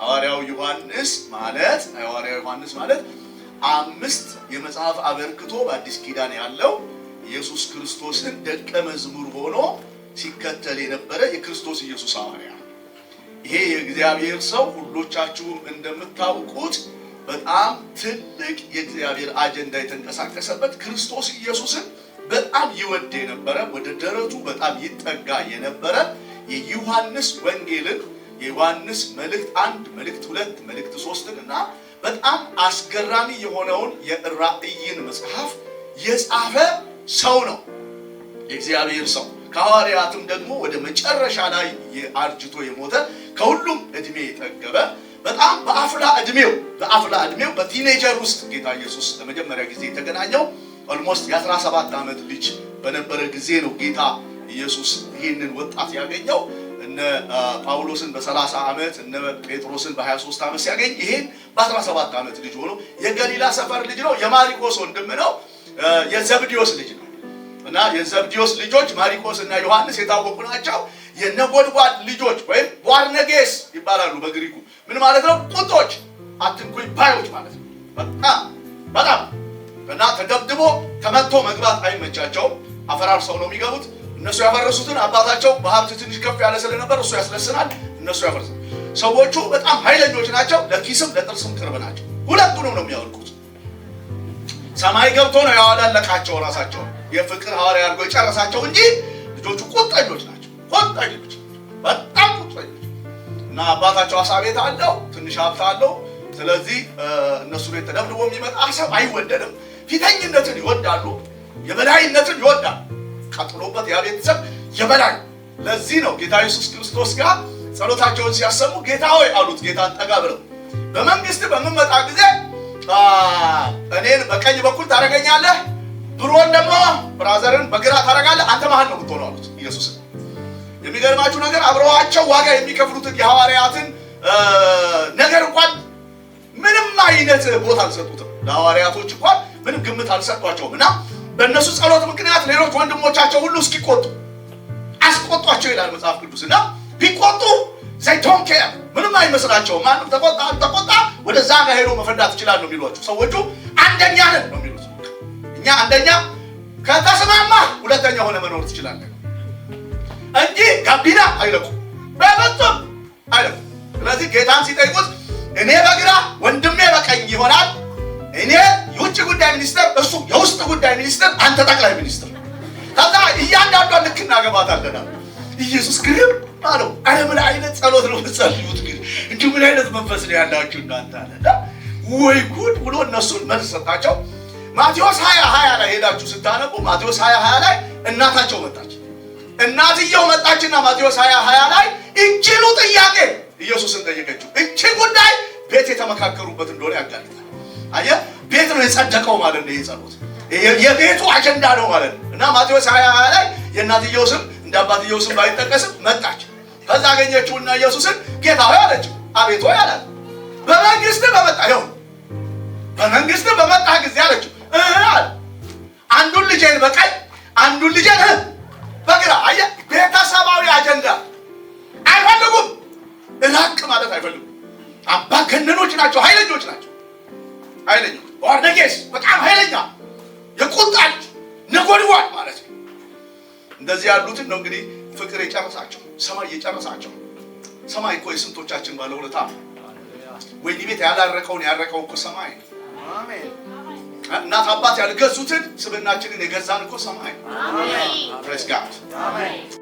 ሐዋርያው ዮሐንስ ማለት ሐዋርያው ዮሐንስ ማለት አምስት የመጽሐፍ አበርክቶ በአዲስ ኪዳን ያለው ኢየሱስ ክርስቶስን ደቀ መዝሙር ሆኖ ሲከተል የነበረ የክርስቶስ ኢየሱስ ሐዋርያ። ይሄ የእግዚአብሔር ሰው ሁሎቻችሁም እንደምታውቁት በጣም ትልቅ የእግዚአብሔር አጀንዳ የተንቀሳቀሰበት ክርስቶስ ኢየሱስን በጣም ይወድ የነበረ ወደ ደረቱ በጣም ይጠጋ የነበረ የዮሐንስ ወንጌልን የዮሐንስ መልእክት አንድ መልእክት ሁለት መልእክት ሶስትን እና በጣም አስገራሚ የሆነውን የራእይን መጽሐፍ የጻፈ ሰው ነው የእግዚአብሔር ሰው። ከሐዋርያትም ደግሞ ወደ መጨረሻ ላይ አርጅቶ የሞተ ከሁሉም እድሜ የጠገበ በጣም በአፍላ እድሜው በአፍላ እድሜው በቲኔጀር ውስጥ ጌታ ኢየሱስ ለመጀመሪያ ጊዜ የተገናኘው ኦልሞስት የ17 ዓመት ልጅ በነበረ ጊዜ ነው ጌታ ኢየሱስ ይህንን ወጣት ያገኘው። እነ ጳውሎስን በ30 ዓመት እነ ጴጥሮስን በ23 ዓመት ሲያገኝ ይሄን በ17 ዓመት ልጅ ሆኖ የገሊላ ሰፈር ልጅ ነው። የማሪቆስ ወንድም ነው። የዘብዲዮስ ልጅ ነው እና የዘብዲዮስ ልጆች ማሪቆስ እና ዮሐንስ የታወቁ ናቸው። የነጎድጓድ ልጆች ወይም ቧርነጌስ ይባላሉ በግሪኩ። ምን ማለት ነው? ቁጦች፣ አትንኩኝ ባዮች ማለት ነው። በጣም በጣም እና ተደብድቦ ተመቶ መግባት አይመቻቸውም። አፈራርሰው ነው የሚገቡት። እነሱ ያፈረሱትን አባታቸው በሀብት ትንሽ ከፍ ያለ ስለነበር እሱ ያስለስናል፣ እነሱ ያፈርሳል። ሰዎቹ በጣም ኃይለኞች ናቸው፣ ለኪስም ለጥርስም ቅርብ ናቸው። ሁለቱንም ነው የሚያወልቁት ሰማይ ገብቶ ነው ያዋላለቃቸው ራሳቸው የፍቅር ሐዋርያ አድርጎ የጨረሳቸው እንጂ ልጆቹ ቁጠኞች ናቸው። ቁጠኞች በጣም ቁጠኞች እና አባታቸው አሳ ቤት አለው፣ ትንሽ ሀብት አለው። ስለዚህ እነሱ ቤት ተደብድቦ የሚመጣ አሰብ አይወደድም። ፊተኝነትን ይወዳሉ፣ የበላይነትን ይወዳሉ። ቀጥሎበት ያ ቤተሰብ ይበላል። ለዚህ ነው ጌታ ኢየሱስ ክርስቶስ ጋር ጸሎታቸውን ሲያሰሙ ጌታ ሆይ አሉት። ጌታ ጠጋ ብለው በመንግስት በምመጣ ጊዜ እኔን በቀኝ በኩል ታደርገኛለህ፣ ብሮን ደግሞ ብራዘርን በግራ ታደርጋለህ፣ አንተ መሀል ነው የምትሆነው አሉት ኢየሱስ። የሚገርማችሁ ነገር አብረዋቸው ዋጋ የሚከፍሉትን የሐዋርያትን ነገር እንኳን ምንም አይነት ቦታ አልሰጡትም። ለሐዋርያቶች እንኳን ምንም ግምት አልሰጧቸውም እና በእነሱ ጸሎት ምክንያት ሌሎች ወንድሞቻቸው ሁሉ እስኪቆጡ አስቆጧቸው ይላል መጽሐፍ ቅዱስ እና ቢቆጡ ዘይቶን ኬር ምንም አይመስላቸው። ማንም ተቆጣ ተቆጣ ወደዛ ጋር ሄዶ መፈዳት ይችላል ነው የሚሏቸው ሰዎቹ። አንደኛ ነን ነው የሚሉት እኛ አንደኛ ከተስማማ ሁለተኛ ሆነ መኖር ትችላለህ እንጂ ጋቢና አይለቁም፣ በፍጹም አይለቁም። ስለዚህ ጌታን ሲጠይቁት እኔ በግራ ወንድሜ በቀኝ ይሆናል ጉዳይ ሚኒስተር፣ እሱ የውስጥ ጉዳይ ሚኒስተር፣ አንተ ጠቅላይ ሚኒስትር። ከዛ እያንዳንዷን ልክ እናገባታለና ኢየሱስ ግርም አለው። አረ ምን አይነት ጸሎት ነው የምትጸልዩት? ግን እንዲ ምን አይነት መንፈስ ነው ያላችሁ እናንተ አለና ወይ ጉድ ብሎ እነሱን መልስ ሰጣቸው። ማቴዎስ ሀያ ሀያ ላይ ሄዳችሁ ስታነቁ ማቴዎስ ሀያ ሀያ ላይ እናታቸው መጣች። እናትየው መጣችና ማቴዎስ ሀያ ሀያ ላይ እችሉ ጥያቄ ኢየሱስን ጠየቀችው። እቺ ጉዳይ ቤት የተመካከሩበት እንደሆነ ያጋልጣል። የጸደቀው ማለት ነው። ይሄ ጸሎት የቤቱ አጀንዳ ነው ማለት ነው እና ማቴዎስ 20 ላይ የእናትየው ስም እንደ አባትየው ስም ባይጠቀስም መጣች። ከዛ አገኘችውና ኢየሱስን ጌታ ሆይ አለችው። አቤት ሆይ አላት። በመንግስት በመጣ ይኸው በመንግስት በመጣ ጊዜ አለችው አለ አንዱን ልጄን በቀኝ አንዱን ልጄን በግራ አየህ፣ ቤተሰባዊ አጀንዳ አይፈልጉም። እላቅ ማለት አይፈልጉም። አባ ገነኖች ናቸው፣ ኃይለኞች ናቸው፣ ኃይለኞች ዋርነጌስ በጣም ኃይለኛ የቁጣ ልጅ ነጎድጓድ ማለት ነው። እንደዚህ ያሉትን ነው እንግዲህ ፍቅር የጨረሳቸው ሰማይ የጨረሳቸው። ሰማይ እኮ የስንቶቻችን ባለውለታ ወይኒ ቤት ያላረቀውን ያረቀው እኮ ሰማይ ነው። እናት አባት ያልገዙትን ስብናችንን የገዛን እኮ ሰማይ ነው። ፕሬስ ጋድ